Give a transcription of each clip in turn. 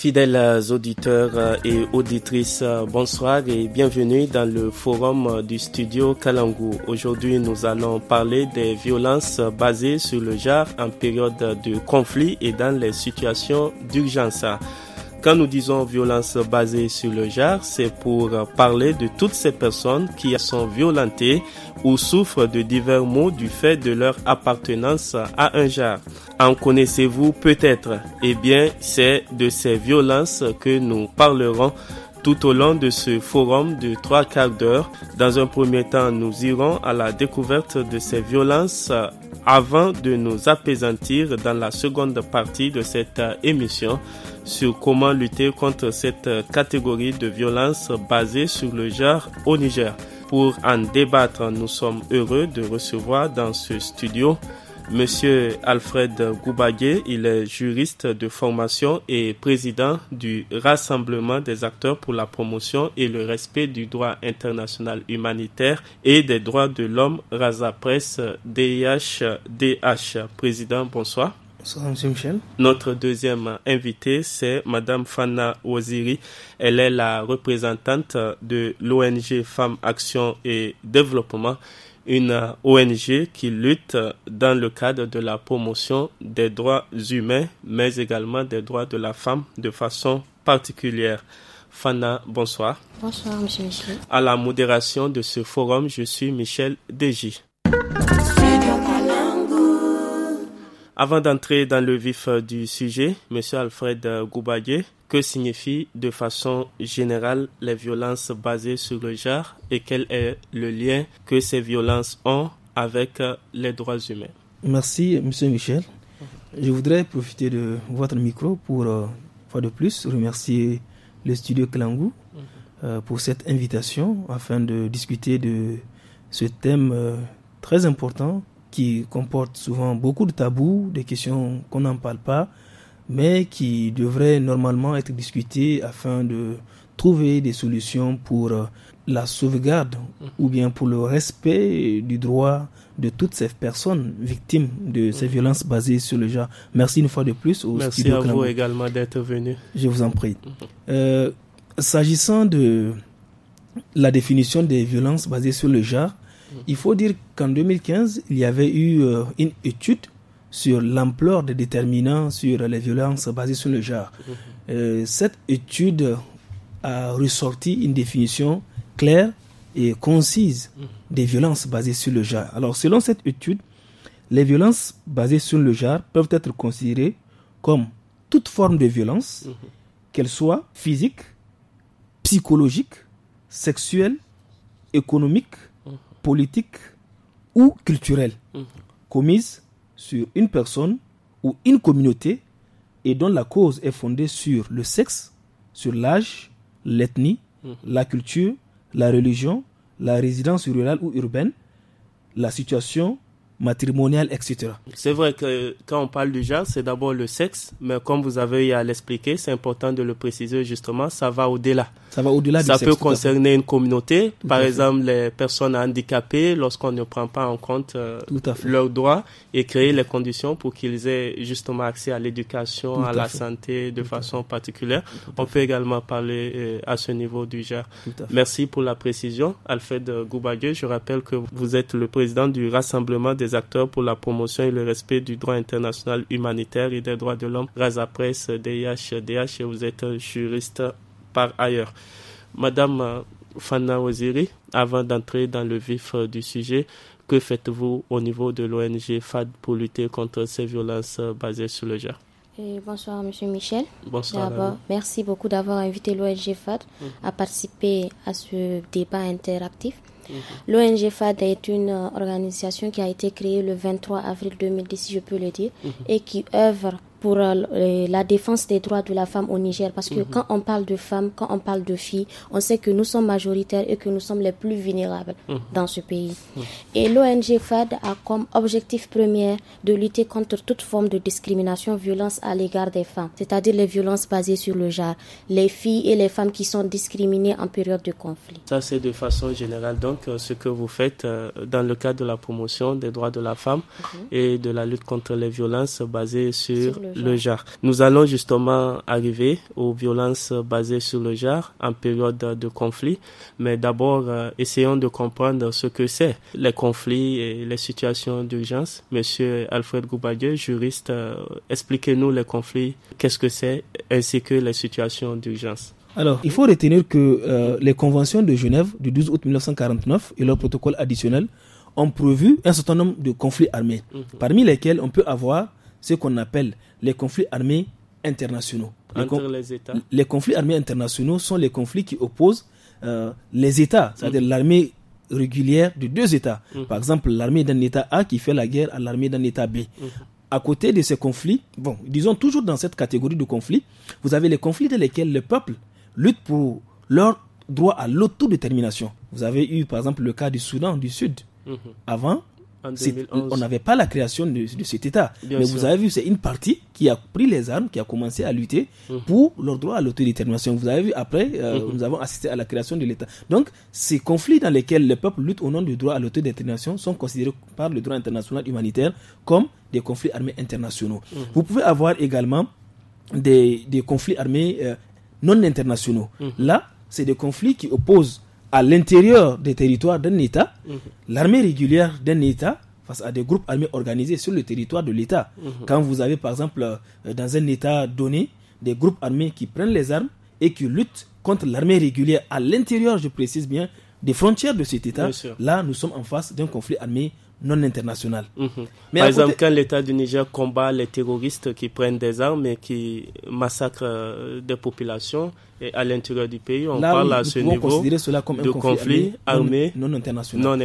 Fidèles auditeurs euh, et auditrices, euh, bonsoir et bienvenue dans le forum euh, du studio Kalangu. Aujourd'hui, nous allons parler des violences basées sur le genre en période de conflit et dans les situations d'urgence. Quand nous disons violence basée sur le genre, c'est pour parler de toutes ces personnes qui sont violentées ou souffrent de divers maux du fait de leur appartenance à un genre. En connaissez-vous peut-être Eh bien, c'est de ces violences que nous parlerons tout au long de ce forum de trois quarts d'heure. Dans un premier temps, nous irons à la découverte de ces violences avant de nous apaisantir dans la seconde partie de cette émission sur comment lutter contre cette catégorie de violences basée sur le genre au Niger. Pour en débattre, nous sommes heureux de recevoir dans ce studio Monsieur Alfred Goubagué, il est juriste de formation et président du Rassemblement des acteurs pour la promotion et le respect du droit international humanitaire et des droits de l'homme, Raza Press DIH-DH. Président, bonsoir. Bonsoir, Monsieur Michel. Notre deuxième invité c'est Madame Fana Waziri. Elle est la représentante de l'ONG Femmes Action et Développement une ONG qui lutte dans le cadre de la promotion des droits humains, mais également des droits de la femme de façon particulière. Fana, bonsoir. Bonsoir, monsieur Michel. À la modération de ce forum, je suis Michel Deji. Avant d'entrer dans le vif du sujet, monsieur Alfred Goubadier, que signifient de façon générale les violences basées sur le genre et quel est le lien que ces violences ont avec euh, les droits humains Merci, Monsieur Michel. Je voudrais profiter de votre micro pour, une euh, fois de plus, remercier le studio Klangou mhm. euh, pour cette invitation afin de discuter de ce thème très important qui comporte souvent beaucoup de tabous, des questions qu'on n'en parle pas, mais qui devrait normalement être discuté afin de trouver des solutions pour euh, la sauvegarde ou bien pour le respect du droit de toutes ces personnes victimes de ces mhm. violences basées sur le genre. Merci une fois de plus Merci à vous également d'être venu. Je vous en prie. Mhm. Euh, s'agissant de la définition des violences basées sur le genre, mhm. il faut dire qu'en 2015, il y avait eu euh, une étude sur l'ampleur des déterminants sur les violences basées sur le genre. Mm-hmm. Euh, cette étude a ressorti une définition claire et concise mm-hmm. des violences basées sur le genre. Alors, selon cette étude, les violences basées sur le genre peuvent être considérées comme toute forme de violence, mm-hmm. qu'elle soit physique, psychologique, sexuelle, économique, politique ou culturelle, commise sur une personne ou une communauté et dont la cause est fondée sur le sexe, sur l'âge, l'ethnie, hmm. la culture, la religion, la résidence rurale ou urbaine, la situation, matrimonial, etc. C'est vrai que quand on parle du genre, c'est d'abord le sexe, mais comme vous avez eu à l'expliquer, c'est important de le préciser justement, ça va au-delà. Ça va au-delà du sexe. Ça peut concerner une communauté, par exemple les personnes handicapées, lorsqu'on ne prend pas en compte euh, leurs droits et créer les conditions pour qu'ils aient justement accès à l'éducation, à, la santé de façon particulière. On peut également parler euh, à ce niveau du genre. Merci pour la précision, Alfred Goubagueux. Je rappelle que vous êtes le président du Rassemblement des acteurs pour la promotion et le respect du droit international humanitaire et des droits de l'homme, Raza Presse, DH et vous êtes juriste par ailleurs. Madame euh, Fana Oziri, avant d'entrer dans le vif euh, du sujet, que faites-vous au niveau de l'ONG FAD pour lutter contre ces violences euh, basées sur le genre bonsoir, Monsieur Michel. Bonsoir. merci beaucoup d'avoir invité l'ONG FAD mm. à participer à ce débat interactif. Mhm. L'ONG FAD est une euh, organisation qui a été créée le 23 avril 2010, si je peux le dire, mhm. et qui œuvre pour euh, la défense des droits de la femme au Niger. Parce que mhm. quand on parle de femmes, quand on parle de filles, on sait que nous sommes majoritaires et que nous sommes les plus vulnérables mhm. dans ce pays. Mhm. Et l'ONG FAD a comme objectif premier de lutter contre toute forme de discrimination, violence à l'égard des femmes, c'est-à-dire les violences basées sur le genre, les filles et les femmes qui sont discriminées en période de conflit. Ça, c'est de façon générale. Donc, euh, ce que vous faites euh, dans le cadre de la promotion des droits de la femme et de la lutte contre les violences basées sur, le genre. Nous allons justement arriver aux violences basées sur le genre en période de conflit, mais d'abord euh, essayons de comprendre ce que c'est les conflits et les situations d'urgence. Monsieur Alfred Goubadieu, juriste, euh, expliquez-nous les conflits, qu'est-ce que c'est, ainsi que les situations d'urgence. Alors, il faut retenir que euh, les conventions de Genève du 12 août 1949 et leur protocole additionnel ont prévu un certain nombre de conflits armés, mhm. parmi lesquels on peut avoir ce qu'on appelle les conflits armés internationaux. Les, Entre les, États. les conflits armés internationaux sont les conflits qui opposent euh, les États, c'est-à-dire mhm. l'armée régulière de deux États. Mhm. Par exemple, l'armée d'un État A qui fait la guerre à l'armée d'un État B. Mhm. À côté de ces conflits, bon, disons toujours dans cette catégorie de conflits, vous avez les conflits dans lesquels le peuple lutte pour leur droit à l'autodétermination. Vous avez eu par exemple le cas du Soudan du Sud. Avant, on n'avait pas la création de, cet État. Mais vous avez vu, c'est une partie qui a pris les armes, qui a commencé à lutter mmh. pour leur droit à l'autodétermination. Vous avez vu, après, euh, mmh. nous avons assisté à la création de l'État. Donc, ces conflits dans lesquels le peuple lutte au nom du droit à l'autodétermination sont considérés par le droit international humanitaire comme des conflits armés internationaux. Mmh. Vous pouvez avoir également des, conflits armés euh, non internationaux. Là, c'est des conflits qui opposent à l'intérieur des territoires d'un État, mhm. l'armée régulière d'un État face à des groupes armés organisés sur le territoire de l'État. Mhm. Quand vous avez, par exemple, euh, dans un État donné, des groupes armés qui prennent les armes et qui luttent contre l'armée régulière à l'intérieur, je précise bien, des frontières de cet État, là, nous sommes en face d'un conflit armé non international. Mhm. Par exemple, quand l'État du Niger combat les terroristes qui prennent des armes et qui massacrent euh, des populations à l'intérieur du pays, on parle à ce niveau cela comme de conflit, armé non, international.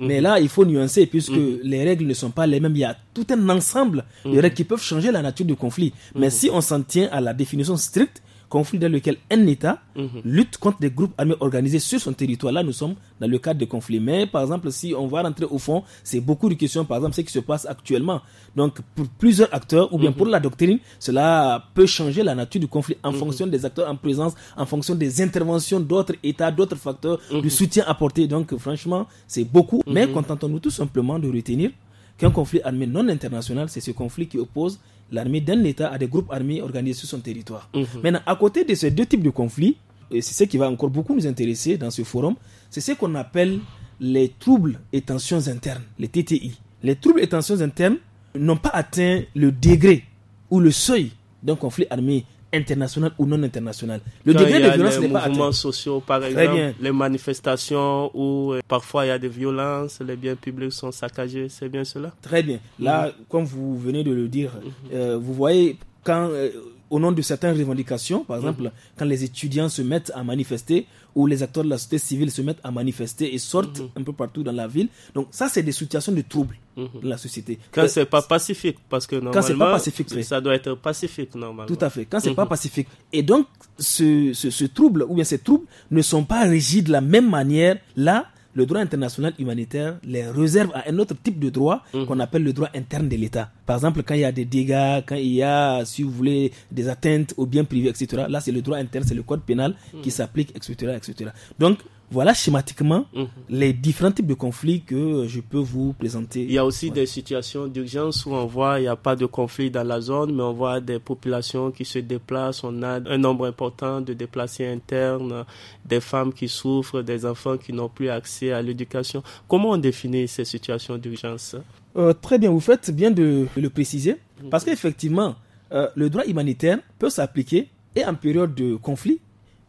Mais mhm. là, il faut nuancer puisque mhm. les règles ne sont pas les mêmes. Il y a tout un ensemble de règles qui peuvent changer la nature du conflit. Mais si on s'en tient à la définition stricte, conflit dans lequel un État mhm. lutte contre des groupes armés organisés sur son territoire. Là, nous sommes dans le cadre de conflits. Mais par exemple, si on va rentrer au fond, c'est beaucoup de questions, par exemple, ce qui se passe actuellement. Donc, pour plusieurs acteurs, ou bien mhm. pour la doctrine, cela peut changer la nature du conflit en mhm. fonction des acteurs en présence, en fonction des interventions d'autres États, d'autres facteurs, du soutien apporté. Donc, franchement, c'est beaucoup. Mais contentons-nous tout simplement de retenir qu'un conflit armé non international, c'est ce conflit qui oppose l'armée d'un État à des groupes armés organisés sur son territoire. Mhm. Maintenant, à côté de ces deux types de conflits, et c'est ce qui va encore beaucoup nous intéresser dans ce forum, c'est ce qu'on appelle les troubles et tensions internes, les TTI. Les troubles et tensions internes n'ont pas atteint le degré ou le seuil d'un conflit armé international ou non international. Le Quand degré de violence n'est mouvements sociaux, par exemple, les manifestations où euh, parfois il y a des violences, les biens publics sont saccagés, c'est bien cela Très bien. Là, mhm. comme vous venez de le dire, mhm. euh, vous voyez, quand euh, au nom de certaines revendications, par mm. exemple, quand les étudiants se mettent à manifester ou les acteurs de la société civile se mettent à manifester et sortent mm. un peu partout dans la ville. Donc ça, c'est des situations de troubles mm. dans la société. Quand euh, c'est pas pacifique, parce que normalement, pacifique, ça doit être pacifique normalement. Tout à fait. Quand c'est pas mm-hmm. pacifique, et donc ce, ce, ce trouble ou bien ces troubles ne sont pas régis de la même manière là le droit international humanitaire les réserve à un autre type de droit mhm. qu'on appelle le droit interne de l'État. Par exemple, quand il y a des dégâts, quand il y a, si vous voulez, des atteintes aux biens privés, etc. Là, c'est le droit interne, c'est le code pénal mhm. qui s'applique, etc., etc. Donc, voilà schématiquement mhm. les différents types de conflits que je peux vous présenter. Il y a aussi des situations d'urgence où on voit il n'y a pas de conflit dans la zone, mais on voit des populations qui se déplacent, on a un nombre important de déplacés internes, des femmes qui souffrent, des enfants qui n'ont plus accès à l'éducation. Comment on définit ces situations d'urgence euh, Très bien, vous faites bien de le préciser, parce mhm. qu'effectivement, euh, le droit humanitaire peut s'appliquer et en période de conflit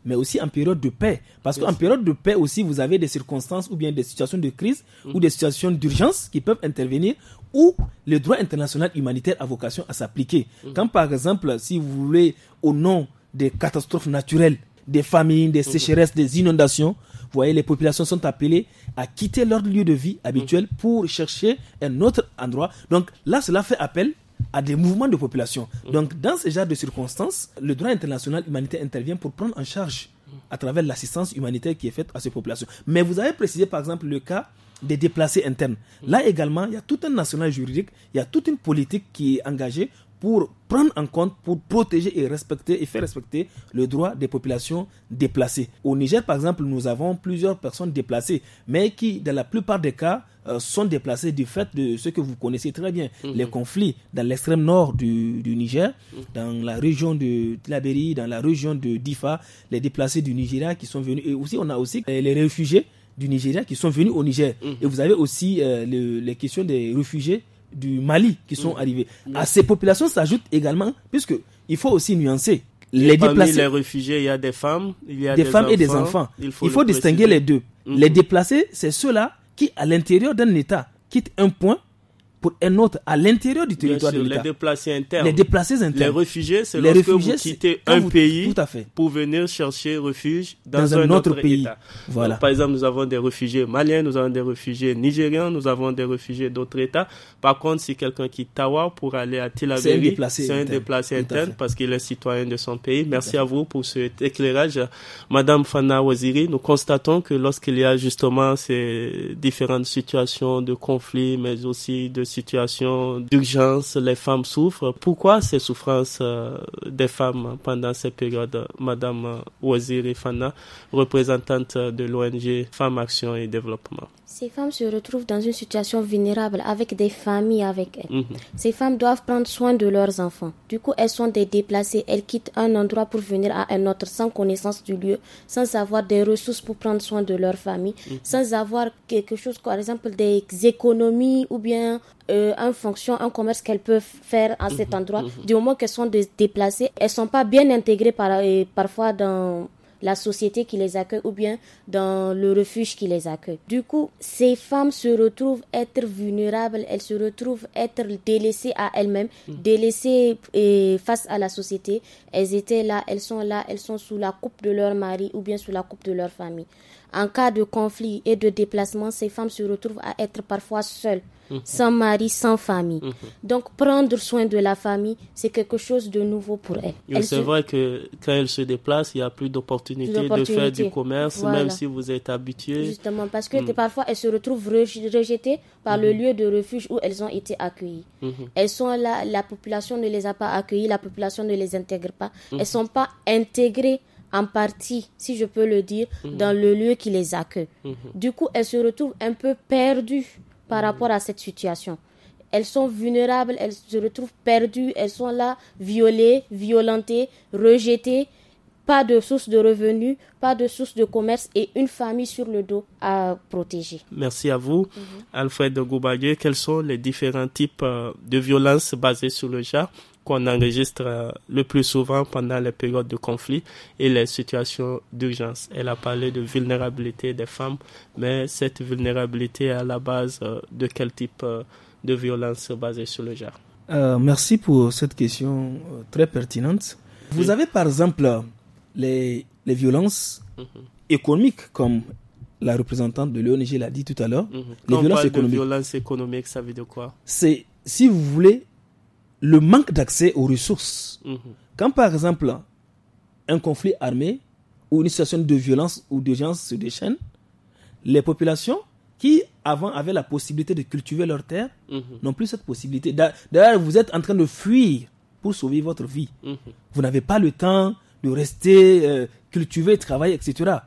mais aussi en période de paix. Parce qu'en période de paix aussi, vous avez des circonstances ou bien des situations de crise ou mm. des situations d'urgence qui peuvent intervenir où le droit international humanitaire a vocation à s'appliquer. Comme Quand par exemple, si vous voulez, au nom des catastrophes naturelles, des famines, des mm. sécheresses, des inondations, vous voyez, les populations sont appelées à quitter leur lieu de vie habituel mm. pour chercher un autre endroit. Donc là, cela fait appel à des mouvements de population. Mm. Donc, dans ce genre de circonstances, le droit international humanitaire intervient pour prendre en charge à travers l'assistance humanitaire qui est faite à ces populations. Mais vous avez précisé, par exemple, le cas des déplacés internes. Mm. Là également, il y a tout un national juridique, il y a toute une politique qui est engagée pour prendre en compte, pour protéger et respecter et faire respecter le droit des populations déplacées. Au Niger, par exemple, nous avons plusieurs personnes déplacées, mais qui, dans la plupart des cas, euh, sont déplacées du fait de ce que vous connaissez très bien, mhm. les conflits dans l'extrême nord du, du Niger, dans la région de Tlaberi, dans la région de Difa, les déplacés du Nigeria qui sont venus, et aussi on a aussi euh, les réfugiés du Nigeria qui sont venus au Niger. Mhm. Et vous avez aussi euh, les questions des réfugiés du Mali qui sont mm. arrivés. Mm. À ces populations s'ajoutent également, puisque il faut aussi nuancer. Les déplacés. les réfugiés, il y a des femmes, il y a des, enfants, et des enfants. Il faut, distinguer les deux. Les mm-hmm. déplacés, c'est ceux-là qui, à l'intérieur d'un État, quittent un point pour un autre à l'intérieur du territoire Les déplacés internes. Les déplacés internes. Les réfugiés, c'est lorsque vous quittez un pays pour venir chercher refuge dans, un, autre, pays. Voilà. par exemple, nous avons des réfugiés maliens, nous avons des réfugiés nigériens, nous avons des réfugiés d'autres États. Par contre, si quelqu'un quitte Tawa pour aller à Tel c'est un déplacé interne, parce qu'il est citoyen de son pays. Merci à, à vous pour cet éclairage. Madame Fana Waziri, nous constatons que lorsqu'il y a justement ces différentes situations de conflit, mais aussi de situation d'urgence, les femmes souffrent. Pourquoi ces souffrances euh, des femmes pendant cette périodes Madame Wazir Fana, représentante de l'ONG Femmes Action et Développement. Ces femmes se retrouvent dans une situation vulnérable avec des familles avec elles. Mhm. Ces femmes doivent prendre soin de leurs enfants. Du coup, elles sont des déplacées. Elles quittent un endroit pour venir à un autre sans connaissance du lieu, sans avoir des ressources pour prendre soin de leur famille, mhm. sans avoir quelque chose, par exemple, des économies ou bien en euh, fonction, un commerce qu'elles peuvent faire à cet mhm. endroit. Mhm. Du moment qu'elles sont déplacées, elles ne sont pas bien intégrées par, euh, parfois dans la société qui les accueille ou bien dans le refuge qui les accueille. Du coup, ces femmes se retrouvent être vulnérables, elles se retrouvent être délaissées à elles-mêmes, mhm. délaissées face à la société. Elles étaient là, elles sont là, elles sont sous la coupe de leur mari ou bien sous la coupe de leur famille. En cas de conflit et de déplacement, ces femmes se retrouvent à être parfois seules Mhm. sans mari, sans famille. Mhm. Donc prendre soin de la famille, c'est quelque chose de nouveau pour elle. elle c'est vrai que quand elle se déplace, il n'y a plus d'opportunités de faire du commerce, même si vous êtes habitué. Justement, parce que mhm. parfois, elles se retrouvent rejetées par le lieu de refuge où elles ont été accueillies. Elles sont là, la population ne les a pas accueillies, la population ne les intègre pas. Elles ne sont pas intégrées en partie, si je peux le dire, dans le lieu qui les accueille. Du coup, elles se retrouvent un peu perdues par rapport à cette situation. Elles sont vulnérables, elles se retrouvent perdues, elles sont là, violées, violentées, rejetées, pas de source de revenus, pas de source de commerce et une famille sur le dos à protéger. Merci à vous. Mhm. Alfred de Alfred quels sont les différents types euh, de violences basées sur le genre qu'on enregistre euh, le plus souvent pendant les périodes de conflit et les situations d'urgence. Elle a parlé de vulnérabilité des femmes, mais cette vulnérabilité est à la base euh, de quel type euh, de violence basée sur le genre Merci pour cette question très pertinente. Vous avez par exemple les, les violences mm-hmm. économiques comme la représentante de l'ONG l'a dit tout à l'heure. Mm-hmm. Les violences économiques. violence économique, ça veut dire quoi C'est, si vous voulez, le manque d'accès aux ressources. Mhm. Quand par exemple un conflit armé ou une situation de violence ou d'urgence se déchaîne, les populations qui avant avaient la possibilité de cultiver leurs terres mhm. n'ont plus cette possibilité. D'ailleurs, vous êtes en train de fuir pour sauver votre vie. Mhm. Vous n'avez pas le temps de rester euh, cultiver, travailler, etc.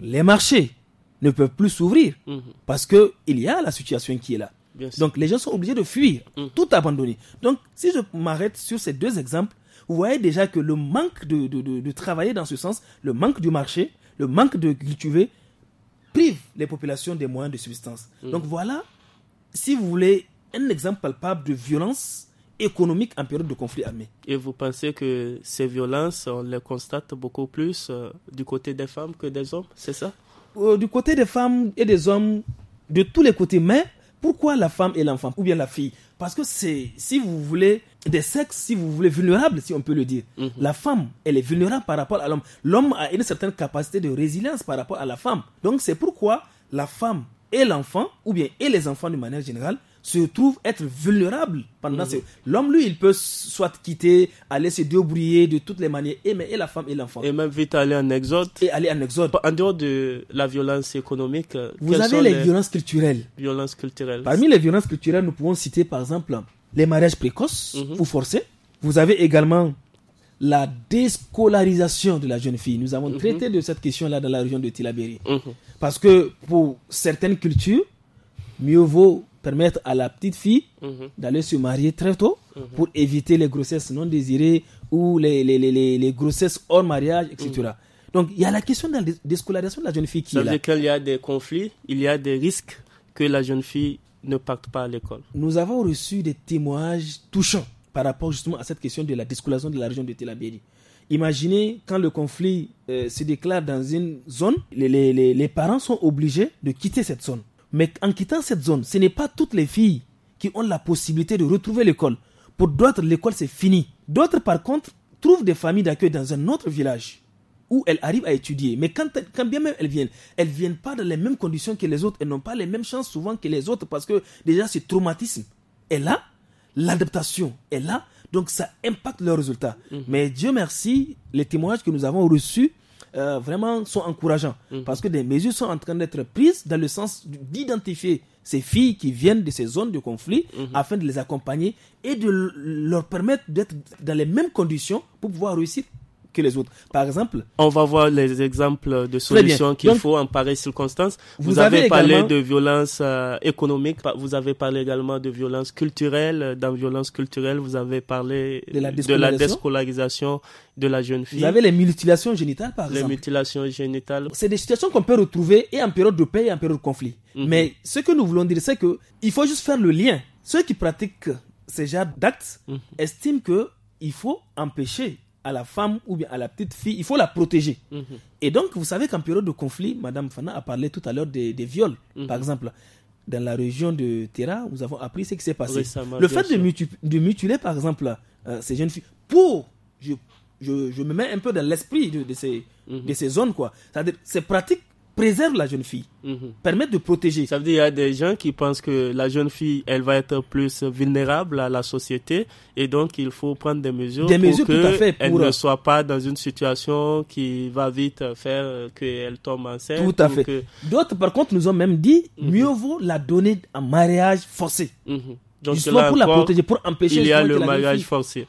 Les marchés ne peuvent plus s'ouvrir parce qu'il y a la situation qui est là. Donc les gens sont obligés de fuir, mm. tout abandonner. Donc si je m'arrête sur ces deux exemples, vous voyez déjà que le manque de, de, travailler dans ce sens, le manque du marché, le manque de cultiver, prive les populations des moyens de subsistance. Mm. Donc voilà, si vous voulez, un exemple palpable de violence économique en période de conflit armé. Et vous pensez que ces violences, on les constate beaucoup plus euh, du côté des femmes que des hommes, c'est ça euh, Du côté des femmes et des hommes, de tous les côtés, mais pourquoi la femme et l'enfant ou bien la fille Parce que c'est, si vous voulez, des sexes, si vous voulez, vulnérables, si on peut le dire. Mhm. La femme, elle est vulnérable par rapport à l'homme. L'homme a une certaine capacité de résilience par rapport à la femme. Donc c'est pourquoi la femme et l'enfant, ou bien et les enfants de manière générale, se trouve être vulnérable pendant mm. L'homme, lui, il peut soit quitter, aller se débrouiller de toutes les manières, et, la femme et l'enfant. Et même vite aller en exode. Et aller en exode. En dehors de la violence économique, euh, vous avez les, violences culturelles. Violences culturelles. Parmi les violences culturelles, nous pouvons citer par exemple les mariages précoces mhm. ou forcés. Vous avez également la déscolarisation de la jeune fille. Nous avons mhm. traité de cette question-là dans la région de Tilaberi. Mhm. Parce que pour certaines cultures, mieux vaut permettre à la petite fille mhm. d'aller se marier très tôt mhm. pour éviter les grossesses non désirées ou les, grossesses hors mariage, etc. Mhm. Donc il y a la question de la déscolarisation de la jeune fille qui Ça est veut dire qu'il y a des conflits, il y a des risques que la jeune fille ne parte pas à l'école. Nous avons reçu des témoignages touchants par rapport justement à cette question de la déscolarisation de la région de Telabéry. Imaginez quand le conflit euh, se déclare dans une zone, les, parents sont obligés de quitter cette zone. Mais en quittant cette zone, ce n'est pas toutes les filles qui ont la possibilité de retrouver l'école. Pour d'autres, l'école, c'est fini. D'autres, par contre, trouvent des familles d'accueil dans un autre village où elles arrivent à étudier. Mais quand, bien même elles viennent, elles ne viennent pas dans les mêmes conditions que les autres. Elles n'ont pas les mêmes chances souvent que les autres parce que déjà, ce traumatisme est là. L'adaptation est là. Donc, ça impacte leurs résultats. Mhm. Mais Dieu merci, les témoignages que nous avons reçus euh, vraiment sont encourageants. Mhm. Parce que des mesures sont en train d'être prises dans le sens d'identifier ces filles qui viennent de ces zones de conflit mhm. afin de les accompagner et de leur permettre d'être dans les mêmes conditions pour pouvoir réussir les autres. Par exemple, on va voir les exemples de solutions qu'il faut en pareille circonstance. Vous, avez, parlé de violence euh, économique, vous avez parlé également de violence culturelle. Dans violence culturelle, vous avez parlé de la déscolarisation de, la jeune fille. Vous avez les mutilations génitales, par exemple. Les mutilations génitales. C'est des situations qu'on peut retrouver et en période de paix et en période de conflit. Mhm. Mais ce que nous voulons dire, c'est que il faut juste faire le lien. Ceux qui pratiquent ces genres d'actes mhm. estiment que il faut empêcher à la femme ou bien à la petite fille, il faut la protéger. Mhm. Et donc, vous savez qu'en période de conflit, Madame Fana a parlé tout à l'heure des, viols, mhm. par exemple. Dans la région de Terra, nous avons appris ce qui s'est passé. le fait de, mutiler, par exemple, euh, ces jeunes filles, pour, je, me mets un peu dans l'esprit de, de, ces, mhm. de ces zones, quoi. cest à préserve la jeune fille, mhm. permet de protéger. Ça veut dire qu'il y a des gens qui pensent que la jeune fille, elle va être plus vulnérable à la société et donc il faut prendre des mesures, pour qu'elle ne euh, soit pas dans une situation qui va vite faire qu'elle tombe enceinte. Tout à fait. D'autres, par contre, nous ont même dit mhm. mieux vaut la donner en mariage forcé. Mhm. Donc pour la protéger, pour empêcher il y a le mariage forcé.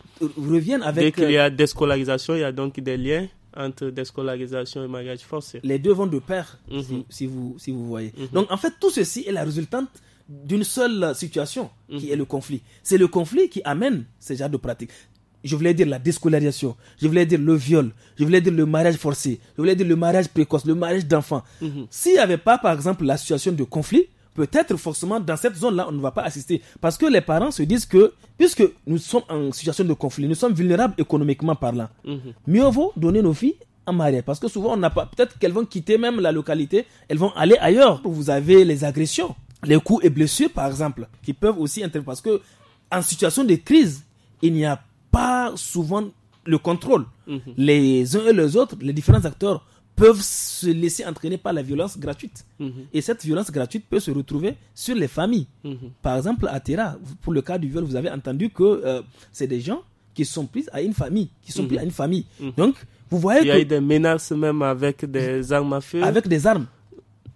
avec. Dès qu'il y a euh, scolarisations, il y a donc des liens entre déscolarisation et mariage forcé. Les deux vont de pair, si, mhm. vous, si vous voyez. Mhm. Donc en fait, tout ceci est la résultante d'une seule situation, qui mhm. est le conflit. C'est le conflit qui amène ces genres de pratiques. Je voulais dire la déscolarisation, je voulais dire le viol, je voulais dire le mariage forcé, je voulais dire le mariage précoce, le mariage d'enfants. S'il n'y avait pas, par exemple, la situation de conflit, peut-être forcément dans cette zone-là, on ne va pas assister. Parce que les parents se disent que, puisque nous sommes en situation de conflit, nous sommes vulnérables économiquement parlant, mhm. mieux vaut donner nos filles en mariage. Parce que souvent, on n'a pas, peut-être qu'elles vont quitter même la localité, elles vont aller ailleurs. Vous avez les agressions, les coups et blessures, par exemple, qui peuvent aussi intervenir. Parce que, en situation de crise, il n'y a pas souvent le contrôle. Mhm. Les uns et les autres, les différents acteurs peuvent se laisser entraîner par la violence gratuite. Mhm. Et cette violence gratuite peut se retrouver sur les familles. Mhm. Par exemple, à Terra, pour le cas du viol, vous avez entendu que euh, c'est des gens qui sont pris à une famille, qui sont pris mhm. à une famille. Donc, vous voyez Il y a eu des menaces même avec des armes à feu. Avec des armes.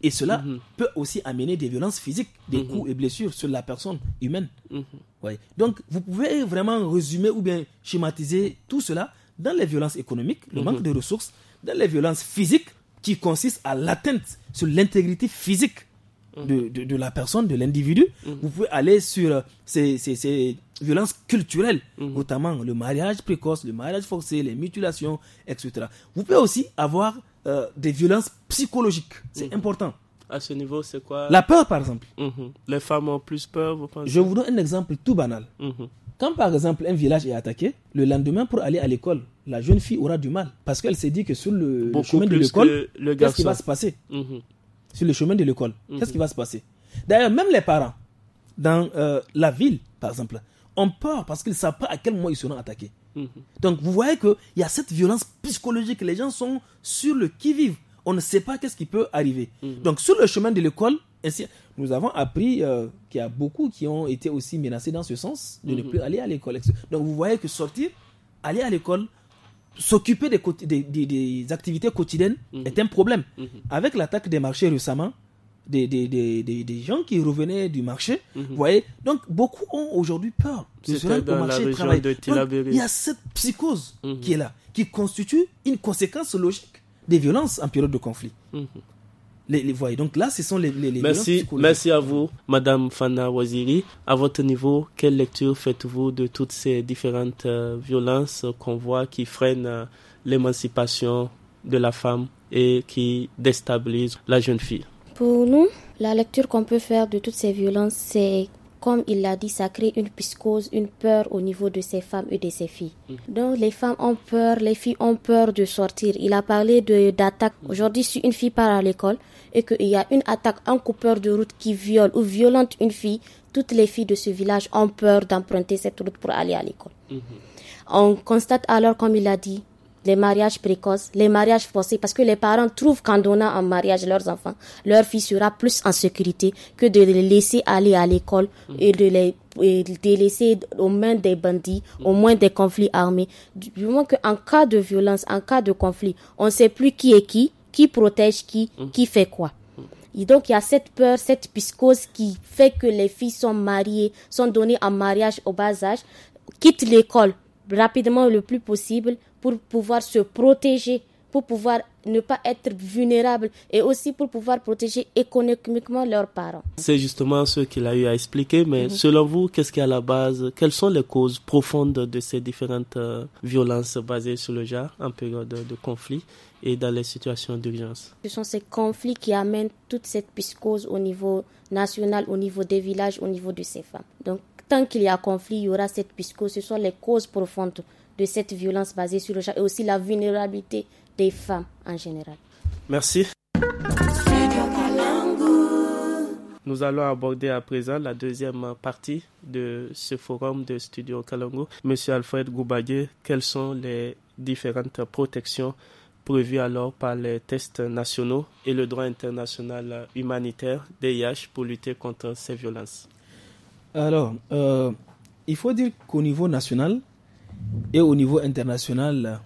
Et cela peut aussi amener des violences physiques, des coups et blessures sur la personne humaine. Donc, vous pouvez vraiment résumer ou bien schématiser tout cela dans les violences économiques, le manque de ressources, dans les violences physiques qui consistent à l'atteinte sur l'intégrité physique de, de, la personne, de l'individu. Mm. Vous pouvez aller sur euh, ces, ces, ces violences culturelles, mm. notamment le mariage précoce, le mariage forcé, les mutilations, etc. Vous pouvez aussi avoir euh, des violences psychologiques. C'est mm. important. À ce niveau, c'est quoi La peur, par exemple. Mm-hmm. Les femmes ont plus peur, vous pensez Je vous donne un exemple tout banal. Mm-hmm. Quand par exemple un village est attaqué, le lendemain pour aller à l'école, la jeune fille aura du mal parce qu'elle s'est dit que sur le, chemin de l'école, qu'est-ce qui va se passer mhm. Sur le chemin de l'école, qu'est-ce mhm. qui va se passer D'ailleurs, même les parents, dans euh, la ville par exemple, ont peur parce qu'ils ne savent pas à quel moment ils seront attaqués. Mhm. Donc vous voyez qu'il y a cette violence psychologique, les gens sont sur le qui-vive. On ne sait pas qu'est-ce qui peut arriver. Donc sur le chemin de l'école, ainsi, nous avons appris euh, qu'il y a beaucoup qui ont été aussi menacés dans ce sens de ne mhm. plus aller à l'école. Donc vous voyez que sortir, aller à l'école, s'occuper des, des, activités quotidiennes mhm. est un problème. Mhm. Avec l'attaque des marchés récemment, des, des, gens qui revenaient du marché, vous voyez, donc beaucoup ont aujourd'hui peur de se rendre marché il y a cette psychose qui est là, qui constitue une conséquence logique des violences en période de conflit les, les Donc là, ce sont les, les, merci, merci à vous, Madame Fana Waziri. À votre niveau, quelle lecture faites-vous de toutes ces différentes euh, violences qu'on voit qui freinent euh, l'émancipation de la femme et qui déstabilisent la jeune fille Pour nous, la lecture qu'on peut faire de toutes ces violences, c'est comme il l'a dit, ça crée une psychose, une peur au niveau de ces femmes et de ces filles. Mm. Donc les femmes ont peur, les filles ont peur de sortir. Il a parlé d'attaque. Mm. Aujourd'hui, si une fille part à l'école et qu'il y a une attaque, un coupeur de route qui viole ou violente une fille, toutes les filles de ce village ont peur d'emprunter cette route pour aller à l'école. Mm-hmm. On constate alors, comme il l'a dit, les mariages précoces, les mariages forcés, parce que les parents trouvent qu'en donnant en mariage leurs enfants, leur fille sera plus en sécurité que de les laisser aller à l'école et de les laisser aux mains des bandits, au moins des conflits armés. Du moment qu'en cas de violence, en cas de conflit, on ne sait plus qui est qui, qui protège qui, qui fait quoi. Et donc, il y a cette peur, cette psychose qui fait que les filles sont mariées, sont données en mariage au bas âge, quittent l'école rapidement le plus possible pour pouvoir se protéger, pour pouvoir ne pas être vulnérable, et aussi pour pouvoir protéger économiquement leurs parents. C'est justement ce qu'il a eu à expliquer, mais mhm. selon vous, qu'est-ce qui a à la base Quelles sont les causes profondes de ces différentes euh, violences basées sur le genre en période de, conflit et dans les situations d'urgence Ce sont ces conflits qui amènent toute cette psychose au niveau national, au niveau des villages, au niveau de ces femmes. Donc, tant qu'il y a conflit, il y aura cette psychose. Ce sont les causes profondes de cette violence basée sur le genre et aussi la vulnérabilité des femmes en général. Merci. Nous allons aborder à présent la deuxième partie de ce forum de Studio Kalongo. Monsieur Alfred Goubagué, quelles sont les différentes protections prévues alors par les tests nationaux et le droit international humanitaire DIH pour lutter contre ces violences Alors, euh, il faut dire qu'au niveau national, et au niveau international,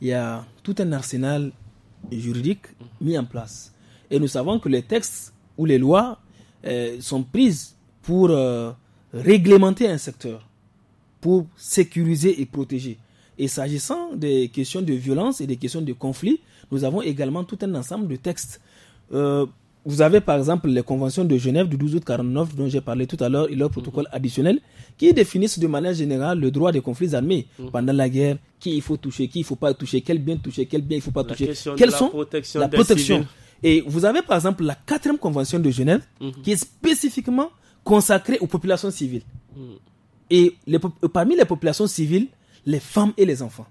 il y a tout un arsenal juridique mis en place. Et nous savons que les textes ou les lois euh, sont prises pour euh, réglementer un secteur, pour sécuriser et protéger. Et s'agissant des questions de violence et des questions de conflit, nous avons également tout un ensemble de textes. Euh, vous avez par exemple les conventions de Genève du 12 août 49 dont j'ai parlé tout à l'heure et leur protocole additionnel qui définissent de manière générale le droit des conflits armés mhm. pendant la guerre, qui il faut toucher, qui il faut pas toucher, quel bien toucher, quel bien il faut pas toucher, quelles sont la protection. Et vous avez par exemple la quatrième convention de Genève mhm. qui est spécifiquement consacrée aux populations civiles. Mhm. Et euh, parmi les populations civiles, les femmes et les enfants.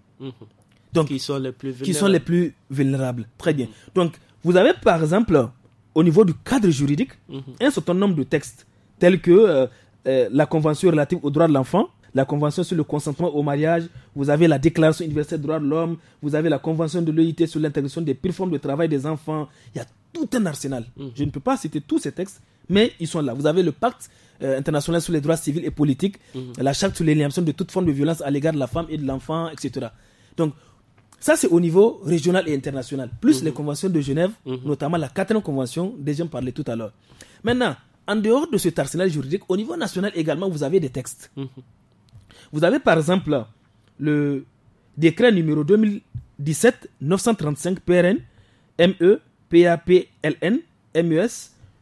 Donc, Qui sont les plus vulnérables. Très bien. Donc, vous avez par exemple au niveau du cadre juridique, mhm. un certain nombre de textes, tels que euh, euh, la Convention relative aux droits de l'enfant, la Convention sur le consentement au mariage, vous avez la Déclaration universelle des droits de l'homme, vous avez la Convention de l'EIT sur l'intégration des pires formes de travail des enfants. Il y a tout un arsenal. Mhm. Je ne peux pas citer tous ces textes, mais ils sont là. Vous avez le Pacte euh, international sur les droits civils et politiques, mhm. la Charte sur l'élimination de toute forme de violence à l'égard de la femme et de l'enfant, etc. Donc, ça, c'est au niveau régional et international, plus mhm. les conventions de Genève, mhm. notamment la quatrième convention déjà parlé tout à l'heure. Maintenant, en dehors de cet arsenal juridique, au niveau national également, vous avez des textes. Mhm. Vous avez par exemple le décret numéro 2017-935 PRN, ME, PAPLN, MES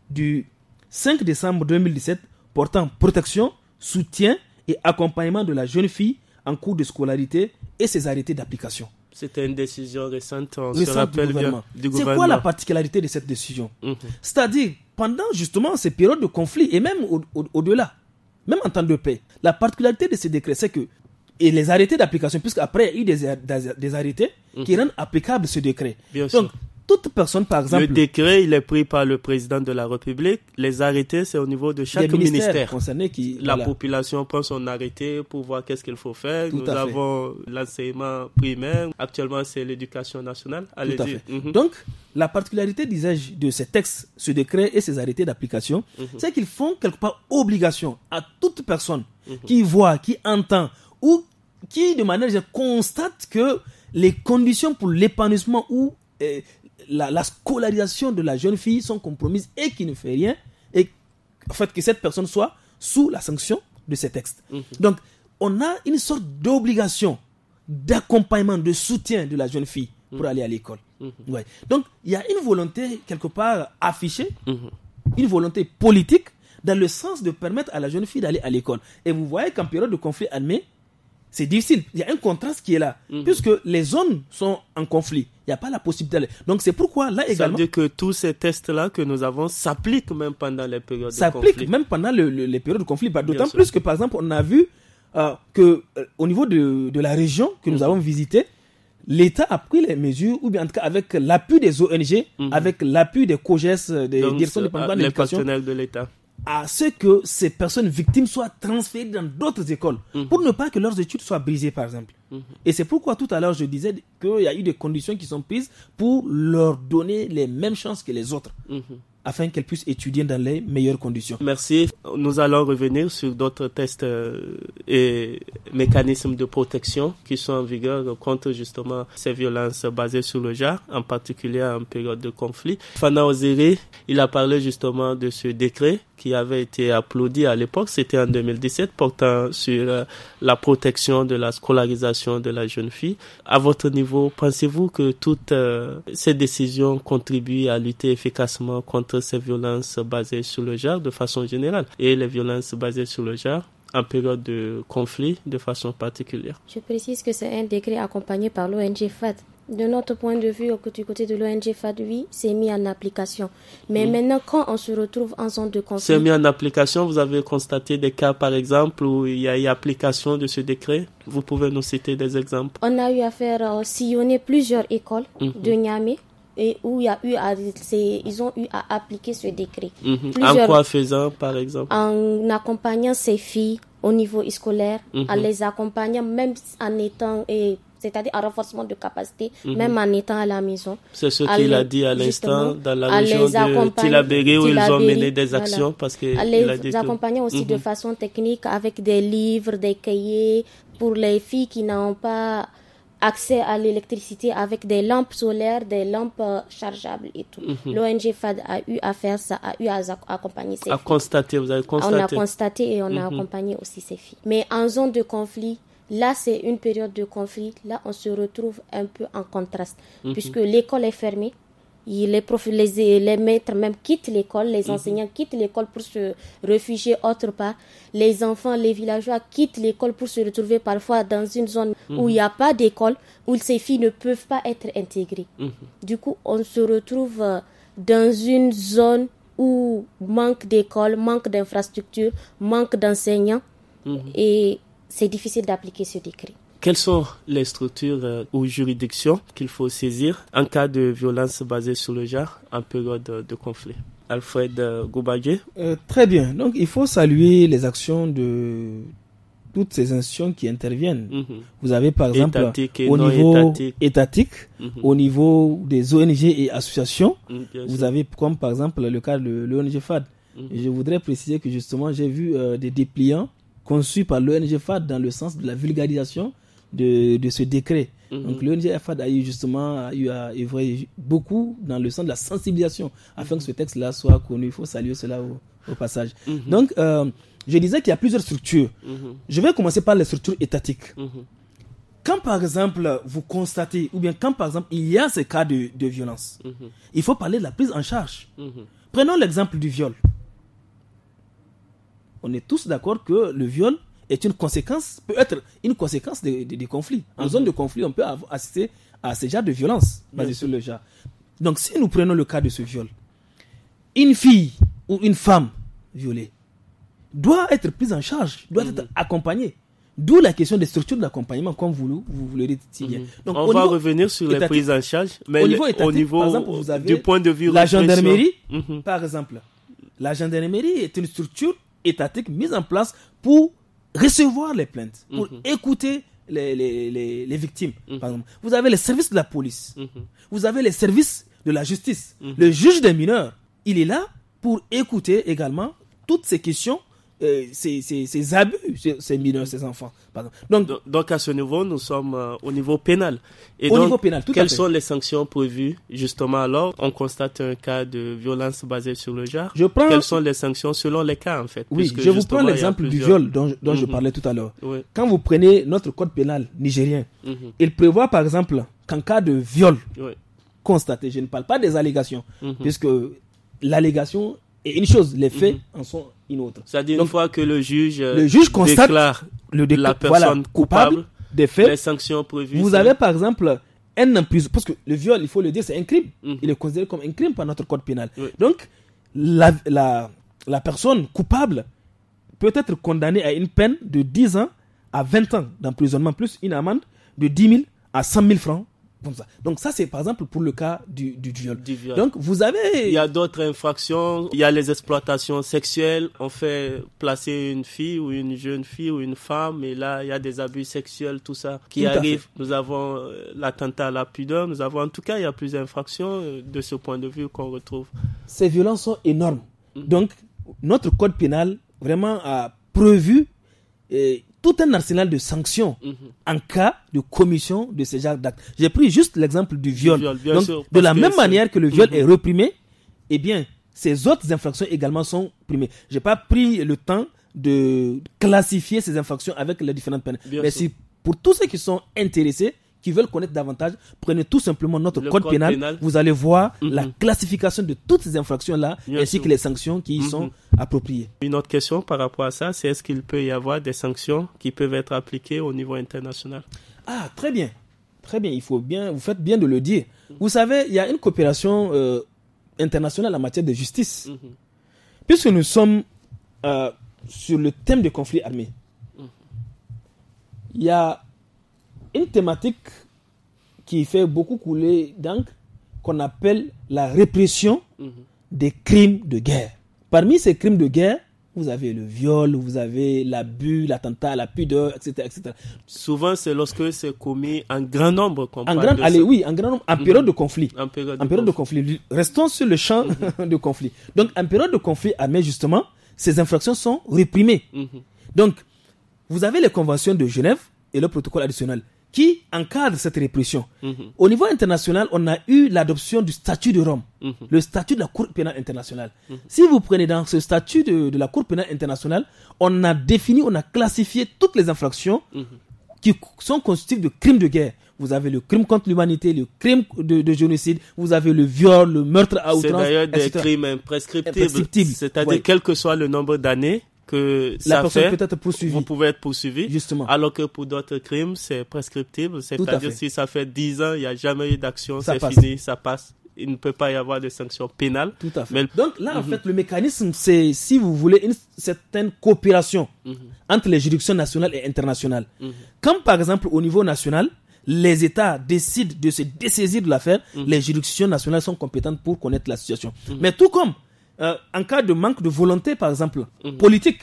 du 5 décembre 2017 portant protection, soutien et accompagnement de la jeune fille en cours de scolarité et ses arrêtés d'application. C'était une décision récente, on du gouvernement. C'est quoi la particularité de cette décision mhm. C'est-à-dire, pendant justement ces périodes de conflit, et même au-delà, même en temps de paix, la particularité de ce décret, c'est que, et les arrêtés d'application, puisqu'après, il y a eu des, arrêtés mhm. qui rendent applicable ce décret. Bien sûr toute personne, par exemple. Le décret, il est pris par le président de la République. Les arrêtés, c'est au niveau de chaque ministère. Concerné qui, la population prend son arrêté pour voir qu'est-ce qu'il faut faire. Nous avons l'enseignement primaire. Actuellement, c'est l'éducation nationale. Mhm. Donc, la particularité, disais-je, de ces textes, ce décret et ces arrêtés d'application, mhm. c'est qu'ils font quelque part obligation à toute personne mhm. qui voit, qui entend ou qui, de manière, constate que les conditions pour l'épanouissement ou euh, la, scolarisation de la jeune fille sont compromises et qui ne fait rien, et en fait que cette personne soit sous la sanction de ces textes. Mhm. Donc, on a une sorte d'obligation d'accompagnement, de soutien de la jeune fille pour mhm. aller à l'école. Mhm. Donc, il y a une volonté quelque part affichée, une volonté politique, dans le sens de permettre à la jeune fille d'aller à l'école. Et vous voyez qu'en période de conflit armé, c'est difficile. Il y a un contraste qui est là. Mhm. Puisque les zones sont en conflit. Il n'y a pas la possibilité d'aller. Donc c'est pourquoi là également. Ça veut dire que tous ces tests-là que nous avons s'appliquent même pendant les périodes de conflit. S'appliquent même pendant les périodes de conflit. Bah, d'autant plus que par exemple, on a vu qu'au euh, que euh, au niveau de, la région que nous mhm. avons visitée, l'État a pris les mesures, ou bien en tout cas avec l'appui des ONG, mhm. avec l'appui des COGES, euh, des directions de l'éducation. de l'État à ce que ces personnes victimes soient transférées dans d'autres écoles mhm. pour ne pas que leurs études soient brisées, par exemple. Mhm. Et c'est pourquoi tout à l'heure je disais qu'il y a eu des conditions qui sont prises pour leur donner les mêmes chances que les autres. Mhm. afin qu'elles puissent étudier dans les meilleures conditions. Merci. Nous allons revenir sur d'autres tests euh, et mécanismes de protection qui sont en vigueur contre justement ces violences basées sur le genre, en particulier en période de conflit. Fana Oziri, il a parlé justement de ce décret qui avait été applaudi à l'époque, c'était en 2017, portant sur euh, la protection de la scolarisation de la jeune fille. À votre niveau, pensez-vous que toutes euh, ces décisions contribuent à lutter efficacement contre ces violences basées sur le genre de façon générale et les violences basées sur le genre en période de conflit de façon particulière. Je précise que c'est un décret accompagné par l'ONG FAD. De notre point de vue, du côté de l'ONG FAD, oui, c'est mis en application. Mais maintenant, quand on se retrouve en zone de conflit. C'est mis en application. Vous avez constaté des cas, par exemple, où il y a eu application de ce décret. Vous pouvez nous citer des exemples. On a eu affaire à euh, faire sillonner plusieurs écoles mhm. de Niamey et où il y a eu à, ils ont eu à appliquer ce décret. Mhm. En quoi faisant, par exemple En accompagnant ces filles au niveau scolaire, à en mhm. les accompagnant même en étant c'est-à-dire en renforcement de capacité, mhm. même en étant à la maison. C'est ce qu'il a dit à l'instant dans la région de Tilabéry où ils ont mené des actions parce que à les accompagnant aussi de façon technique avec des livres, des cahiers pour les filles qui n'ont pas accès à l'électricité avec des lampes solaires, des lampes euh, chargeables et tout. Mhm. L'ONG FAD a eu à faire ça, a eu à accompagner ces filles. A constaté, vous avez constaté. On a constaté et on a mhm. accompagné aussi ces filles. Mais en zone de conflit, là c'est une période de conflit, là on se retrouve un peu en contraste, mhm. puisque l'école est fermée, les, les, maîtres même quittent l'école, les mhm. enseignants quittent l'école pour se réfugier autre part. Les enfants, les villageois quittent l'école pour se retrouver parfois dans une zone où mhm. il n'y a pas d'école, où ces filles ne peuvent pas être intégrées. Mhm. Du coup, on se retrouve euh, dans une zone où manque d'école, manque d'infrastructures, manque d'enseignants. Et c'est difficile d'appliquer ce décret. Quelles sont les structures euh, ou juridictions qu'il faut saisir en cas de violence basée sur le genre en période de conflit Alfred euh, Goubagé. Euh, très bien. Donc, il faut saluer les actions de toutes ces institutions qui interviennent. Mhm. Vous avez par exemple au niveau étatique, mhm. au niveau des ONG et associations, mm, vous avez comme par exemple le cas de l'ONG FAD. Mhm. Je voudrais préciser que justement j'ai vu des dépliants conçus par l'ONG FAD dans le sens de la vulgarisation de, ce décret. Mhm. Donc l'ONG a eu justement a eu beaucoup dans le sens de la sensibilisation afin que mhm. ce texte-là soit connu. Il faut saluer cela au, passage. Mhm. Donc euh, je disais qu'il y a plusieurs structures. Je vais commencer par les structures étatiques. Quand par exemple vous constatez, ou bien quand par exemple il y a ces cas de violence, il faut parler de la prise en charge. Prenons l'exemple du viol. On est tous d'accord que le viol, est une conséquence, peut être une conséquence des conflits. En mhm. zone de conflit, on peut assister à ce genre de violence basée sur le genre. Donc, si nous prenons le cas de ce viol, une fille ou une femme violée doit être prise en charge, doit mhm. être accompagnée. D'où la question des structures d'accompagnement, comme vous, vous, le dites mhm. Donc, on va revenir sur les prises en charge, mais au niveau, étatique, par exemple, vous avez du point de vue la gendarmerie, par exemple. La gendarmerie est une structure étatique mise en place pour recevoir les plaintes, pour mhm. écouter les, victimes. Mhm. par exemple. Vous avez les services de la police, mhm. vous avez les services de la justice. Le juge des mineurs, il est là pour écouter également toutes ces questions euh, ces, abus, ces, mineurs, ces enfants. Pardon. Donc, donc, à ce niveau, nous sommes euh, au niveau pénal. Et au niveau pénal, tout Quelles sont les sanctions prévues justement alors On constate un cas de violence basée sur le genre. Quelles sont les sanctions selon les cas en fait Oui, je vous prends l'exemple du viol dont, dont je mhm. parlais tout à l'heure. Quand vous prenez notre code pénal nigérien, mhm. il prévoit par exemple qu'en cas de viol constaté, je ne parle pas des allégations, mhm. puisque l'allégation et une chose, les faits mhm. en sont une autre. C'est-à-dire une fois que le juge, euh, déclare le la personne coupable, des faits, les sanctions prévues. Vous avez par exemple un emprisonnement, parce que le viol, il faut le dire, c'est un crime. Mhm. Il est considéré comme un crime par notre code pénal. Donc, la, la, la personne coupable peut être condamnée à une peine de 10 ans à 20 ans d'emprisonnement, plus une amende de 10 000 à 100 000 francs donc ça, c'est par exemple pour le cas du, du, viol. Donc vous avez... Il y a d'autres infractions, il y a les exploitations sexuelles, on fait placer une fille ou une jeune fille ou une femme, et là, il y a des abus sexuels, tout ça qui arrivent. arrive. Nous avons euh, l'attentat à la pudeur, nous avons en tout cas, il y a plusieurs infractions euh, de ce point de vue qu'on retrouve. Ces violences sont énormes. Mm. Donc notre code pénal vraiment a prévu tout un arsenal de sanctions mhm. en cas de commission de ces genre d'actes. J'ai pris juste l'exemple du viol. de la même manière que le viol mhm. est reprimé, eh bien, ces autres infractions également sont primées. Je n'ai pas pris le temps de classifier ces infractions avec les différentes peines. Mais si pour tous ceux qui sont intéressés, qui veulent connaître davantage, prenez tout simplement notre code, pénal. Vous allez voir mhm. la classification de toutes ces infractions-là, ainsi que les sanctions qui y mhm. sont appropriées. Une autre question par rapport à ça, c'est est-ce qu'il peut y avoir des sanctions qui peuvent être appliquées au niveau international Ah, très bien. Très bien, il faut bien, vous faites bien de le dire. Mhm. Vous savez, il y a une coopération euh, internationale en matière de justice. Puisque nous sommes euh, sur le thème des conflits armés, il y a une thématique qui fait beaucoup couler d'encre, qu'on appelle la répression mhm. des crimes de guerre. Parmi ces crimes de guerre, vous avez le viol, vous avez l'abus, l'attentat, la pudeur, etc., etc. Souvent, c'est lorsque c'est commis en grand nombre qu'on allez, Oui, en grand nombre, en mhm. période de conflit. En période, de, conflit. Restons sur le champ mhm. de conflit. Donc, en période de conflit armé, justement, ces infractions sont réprimées. Donc, vous avez les conventions de Genève et le protocole additionnel qui encadre cette répression. Mhm. Au niveau international, on a eu l'adoption du statut de Rome, mhm. le statut de la Cour pénale internationale. Mhm. Si vous prenez dans ce statut de, la Cour pénale internationale, on a défini, on a classifié toutes les infractions qui sont constituées de crimes de guerre. Vous avez le crime contre l'humanité, le crime de, génocide, vous avez le viol, le meurtre à outrance. C'est d'ailleurs des crimes imprescriptibles. C'est-à-dire, quel que soit le nombre d'années, que ça peut être Vous pouvez être poursuivi. Justement. Alors que pour d'autres crimes, c'est prescriptible. C'est-à-dire si ça fait 10 ans, il n'y a jamais eu d'action, c'est fini, ça passe. Il ne peut pas y avoir de sanctions pénales Tout à fait. Donc là, en mhm. fait, le mécanisme, c'est, si vous voulez, une certaine coopération mhm. entre les juridictions nationales et internationales. comme par exemple, au niveau national, les États décident de se dessaisir de l'affaire, mhm. les juridictions nationales sont compétentes pour connaître la situation. Mais tout comme euh, en cas de manque de volonté, par exemple, mhm. politique,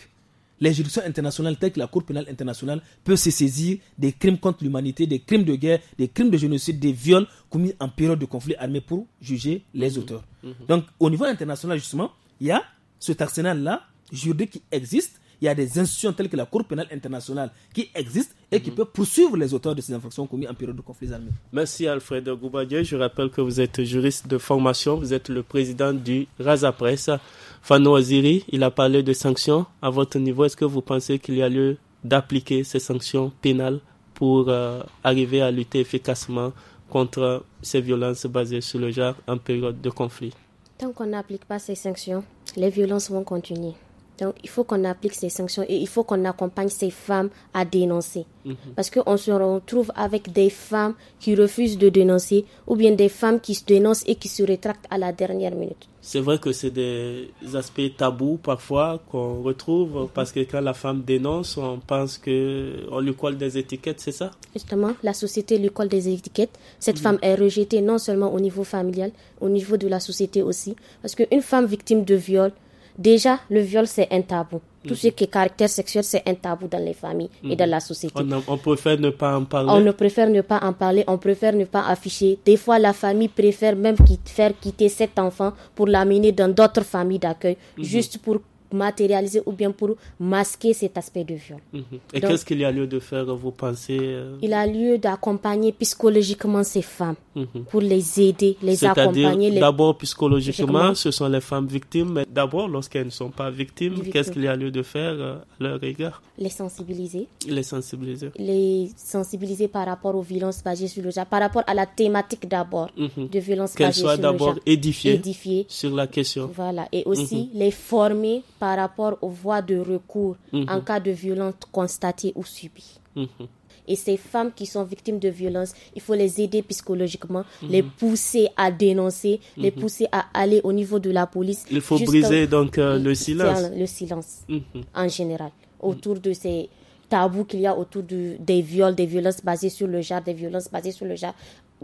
les juridictions internationales telles que la Cour pénale internationale peuvent se saisir des crimes contre l'humanité, des crimes de guerre, des crimes de génocide, des viols commis en période de conflit armé pour juger les mhm. auteurs. Mhm. Donc au niveau international, justement, il y a cet arsenal-là juridique qui existe il y a des institutions telles que la Cour pénale internationale qui existent et qui peut mhm. peuvent poursuivre les auteurs de ces infractions commises en période de conflit armé. Merci Alfred Goubadier. Je rappelle que vous êtes juriste de formation, vous êtes le président du Raza Presse. Fano Aziri, il a parlé de sanctions. À votre niveau, est-ce que vous pensez qu'il y a lieu d'appliquer ces sanctions pénales pour euh, arriver à lutter efficacement contre ces violences basées sur le genre en période de conflit Tant qu'on n'applique pas ces sanctions, les violences vont continuer. Donc, il faut qu'on applique ces sanctions et il faut qu'on accompagne ces femmes à dénoncer. Mhm. Parce qu'on se retrouve avec des femmes qui refusent de dénoncer ou bien des femmes qui se dénoncent et qui se rétractent à la dernière minute. C'est vrai que c'est des aspects tabous parfois qu'on retrouve mhm. parce que quand la femme dénonce, on pense que on lui colle des étiquettes, c'est ça Justement, la société lui colle des étiquettes. Cette mhm. femme est rejetée non seulement au niveau familial, au niveau de la société aussi. Parce qu'une femme victime de viol, Déjà, le viol, c'est un tabou. Tout ce mhm. qui est caractère sexuel, c'est un tabou dans les familles et dans mhm. la société. On, préfère ne pas en parler. On ne préfère ne pas en parler, on préfère ne pas afficher. Des fois, la famille préfère même faire quitter cet enfant pour l'amener dans d'autres familles d'accueil, mhm. juste pour matérialiser ou bien pour masquer cet aspect de viol. Mhm. Et qu'est-ce qu'il y a lieu de faire, vous pensez Il euh? Il a lieu d'accompagner psychologiquement ces femmes mhm. pour les aider, les accompagner. Les... D'abord psychologiquement, ce sont les femmes victimes, mais d'abord lorsqu'elles ne sont pas victimes, qu'est-ce qu'il y a lieu de faire euh, à leur égard Les sensibiliser. Les sensibiliser. Les sensibiliser par rapport aux violences basées sur le genre, par rapport à la thématique d'abord mhm. de violences basées sur le genre. Qu'elles soient d'abord édifiées sur la question. Voilà, et aussi les former par rapport aux voies de recours mhm. en cas de violence constatée ou subie. Mhm. Et ces femmes qui sont victimes de violences, il faut les aider psychologiquement, mhm. les pousser à dénoncer, les pousser à aller au niveau de la police. Il faut briser donc euh, le silence. Le silence en général autour de ces tabous qu'il y a autour des viols, des violences basées sur le genre, des violences basées sur le genre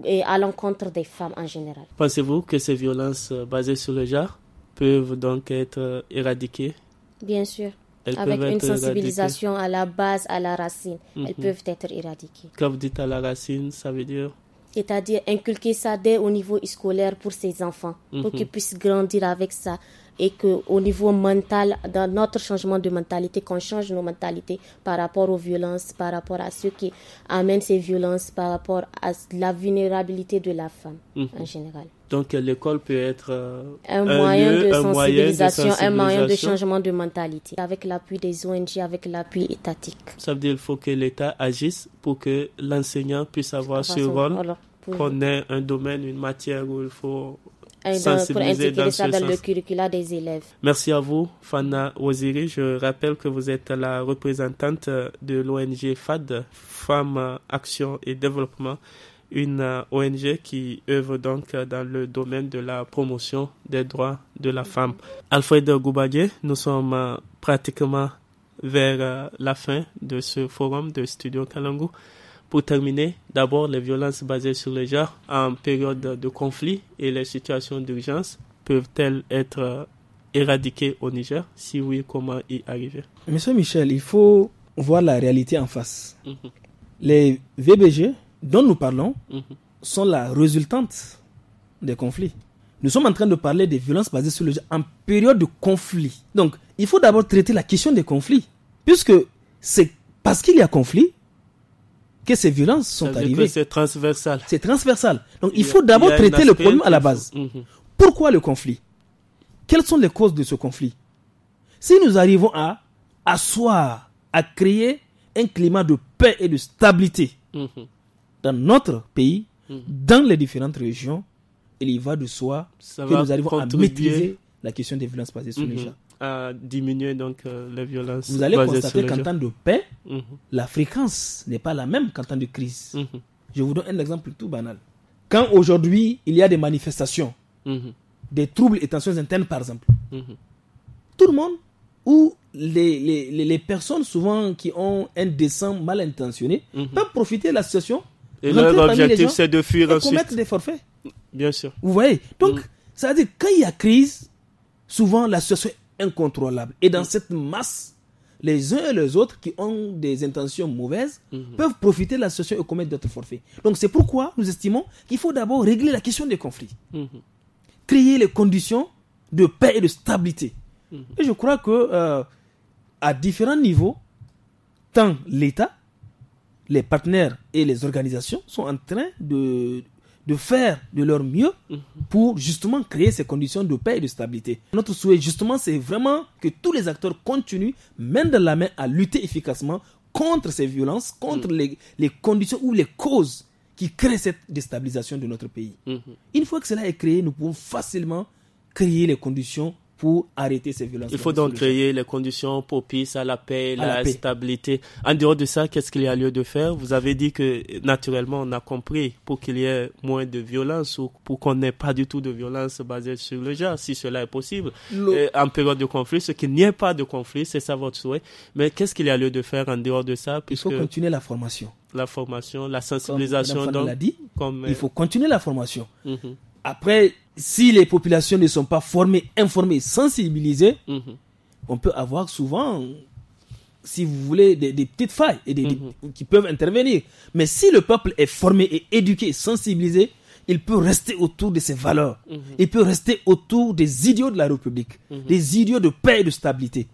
et à l'encontre des femmes en général. Pensez-vous que ces violences euh, basées sur le genre peuvent donc être éradiquées Bien sûr. Avec une sensibilisation à la base, à la racine, elles mhm. peuvent être éradiquées. Quand vous dites à la racine, ça veut dire C'est-à-dire inculquer ça dès au niveau scolaire pour ses enfants, pour mhm. qu'ils puissent grandir avec ça, et que au niveau mental, dans notre changement de mentalité, qu'on change nos mentalités par rapport aux violences, par rapport à ceux qui amènent ces violences, par rapport à la vulnérabilité de la femme mhm. en général. Donc l'école peut être euh, un, moyen, de sensibilisation, un moyen de changement de mentalité, avec l'appui des ONG, avec l'appui étatique. Ça veut dire qu'il faut que l'État agisse pour que l'enseignant puisse avoir ce rôle, qu'on ait un domaine, une matière où il faut pour intégrer ça dans des élèves. Merci à vous, Fana Waziri. Je rappelle que vous êtes la représentante de l'ONG FAD, Femmes, Action et Développement, une euh, ONG qui œuvre donc dans le domaine de la promotion des droits de la femme. Alfred Goubadier, nous sommes euh, pratiquement vers euh, la fin de ce forum de Studio Kalangu. Pour terminer, d'abord les violences basées sur le genre en période de conflit et les situations d'urgence peuvent-elles être euh, éradiquées au Niger Si oui, comment y arriver Monsieur Michel, il faut voir la réalité en face. Mhm. Les VBG dont nous parlons mhm. sont la résultante des conflits. Nous sommes en train de parler des violences basées sur le genre en période de conflit. Donc, il faut d'abord traiter la question des conflits, puisque c'est parce qu'il y a conflit que ces violences sont arrivées. C'est transversal. C'est transversal. Donc il, faut d'abord traiter le problème à la base. Mhm. Pourquoi le conflit Quelles sont les causes de ce conflit Si nous arrivons à asseoir, à créer un climat de paix et de stabilité mhm. dans notre pays, mhm. dans les différentes régions, il y va de soi que nous arrivons à maîtriser la question des violences passées sur les gens à diminuer donc la euh, les violences. Vous allez constater qu'en temps de paix, mhm. la fréquence n'est pas la même qu'en temps de crise. Mhm. Je vous donne un exemple tout banal. Quand aujourd'hui il y a des manifestations, mhm. des troubles et tensions internes par exemple, tout le monde ou les, personnes souvent qui ont un dessin mal intentionné peuvent profiter de la situation. Et leur objectif c'est de fuir et ensuite. commettre des forfaits. Bien sûr. Vous voyez Donc, ça veut dire quand il y a crise, souvent la situation incontrôlable. Et dans mm. cette masse, les uns et les autres qui ont des intentions mauvaises mm-hmm. peuvent profiter de la situation et commettre d'autres forfaits. Donc c'est pourquoi nous estimons qu'il faut d'abord régler la question des conflits, mm-hmm. créer les conditions de paix et de stabilité. Mm-hmm. Et je crois que euh, à différents niveaux, tant l'État, les partenaires et les organisations sont en train de de faire de leur mieux mhm. pour justement créer ces conditions de paix et de stabilité. Notre souhait justement, c'est vraiment que tous les acteurs continuent main dans la main à lutter efficacement contre ces violences, contre mhm. les, les conditions ou les causes qui créent cette déstabilisation de notre pays. Mhm. Une fois que cela est créé, nous pouvons facilement créer les conditions pour arrêter ces violences. Il faut donc créer les conditions propices à la paix, à la, stabilité. En dehors de ça, qu'est-ce qu'il y a lieu de faire Vous avez dit que naturellement, on a compris pour qu'il y ait moins de violence ou pour qu'on n'ait pas du tout de violence basée sur le genre, si cela est possible. En période de conflit, ce qu'il n'y ait pas de conflit, c'est ça votre souhait. Mais qu'est-ce qu'il y a lieu de faire en dehors de ça Il faut continuer la formation. La formation, la sensibilisation. Comme donc, dit, comme, il euh, faut continuer la formation. Mhm. Après, si les populations ne sont pas formées, informées, sensibilisées, mhm. on peut avoir souvent, si vous voulez, des, petites failles et des, mhm. qui peuvent intervenir. Mais si le peuple est formé et éduqué, sensibilisé, il peut rester autour de ses valeurs. Mhm. Il peut rester autour des idiots de la République, des idiots de paix et de stabilité.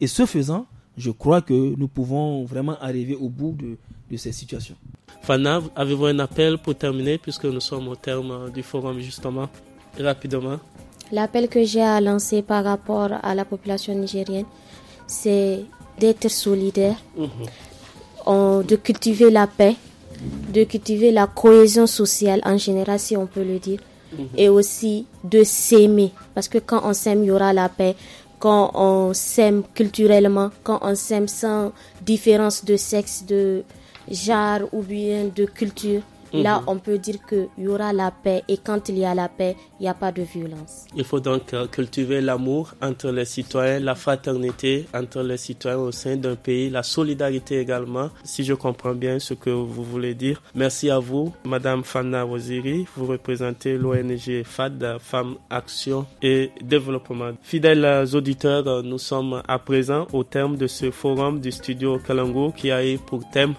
Et ce faisant, je crois que nous pouvons vraiment arriver au bout de de ces situations. Fana, avez-vous un appel pour terminer puisque nous sommes au terme du forum justement rapidement L'appel que j'ai à lancer par rapport à la population nigérienne, c'est d'être solidaire, mhm. de cultiver la paix, de cultiver la cohésion sociale en général, si on peut le dire, mhm. et aussi de s'aimer. Parce que quand on s'aime, il y aura la paix. Quand on s'aime culturellement, quand on s'aime sans différence de sexe, de, genre ou bien de culture, mhm. Là, on peut dire qu'il y aura la paix et quand il y a la paix, il n'y a pas de violence. Il faut donc euh, cultiver l'amour entre les citoyens, la fraternité entre les citoyens au sein d'un pays, la solidarité également, si je comprends bien ce que vous voulez dire. Merci à vous, Madame Fana Waziri. Vous représentez l'ONG FAD, Femmes Action et Développement. Fidèles auditeurs, nous sommes à présent au terme de ce forum du studio Kalango qui a eu pour thème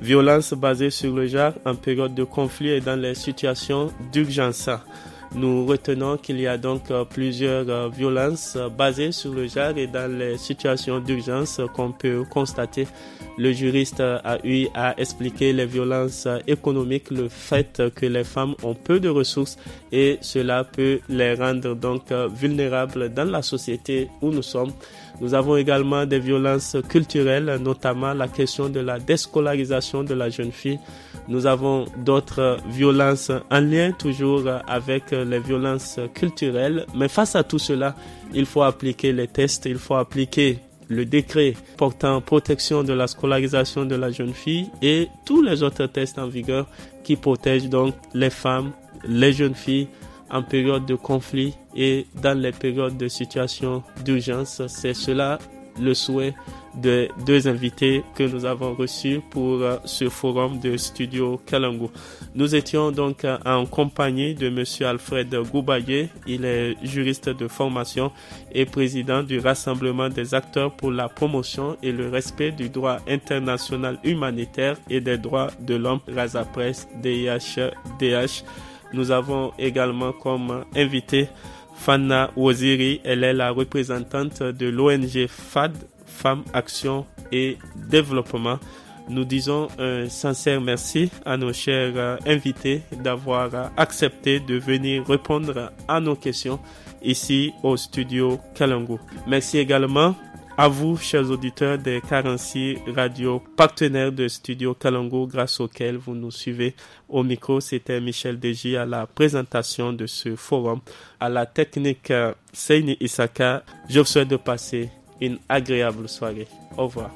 Violence basée sur le genre en période de conflit et dans les situations d'urgence. Nous retenons qu'il y a donc euh, plusieurs euh, violences basées sur le genre et dans les situations d'urgence qu'on peut constater. Le juriste a eu à expliquer les violences économiques, le fait que les femmes ont peu de ressources et cela peut les rendre donc euh, vulnérables dans la société où nous sommes. Nous avons également des violences culturelles, notamment la question de la déscolarisation de la jeune fille. Nous avons d'autres violences en lien toujours avec les violences culturelles. Mais face à tout cela, il faut appliquer les tests, il faut appliquer le décret portant protection de la scolarisation de la jeune fille et tous les autres tests en vigueur qui protègent donc les femmes, les jeunes filles en période de conflit et dans les périodes de situation d'urgence. C'est cela le souhait des deux invités que nous avons reçus pour euh, ce forum de Studio Kalangu. Nous étions donc euh, en compagnie de Monsieur Alfred Goubaye. Il est juriste de formation et président du Rassemblement des acteurs pour la promotion et le respect du droit international humanitaire et des droits de l'homme, Raza DIH, DH. Nous avons également comme invité Fana Waziri. Elle est la représentante de l'ONG FAD, Femmes Action et Développement. Nous disons un sincère merci à nos chers euh, invités d'avoir euh, accepté de venir répondre à nos questions ici au studio Kalango. Merci également à vous, chers auditeurs des 46 Radio, partenaires de Studio Kalango, grâce auxquels vous nous suivez. Au micro, c'était Michel Deji à la présentation de ce forum. À la technique euh, Seini Isaka, je vous souhaite de passer une agréable soirée. Au revoir.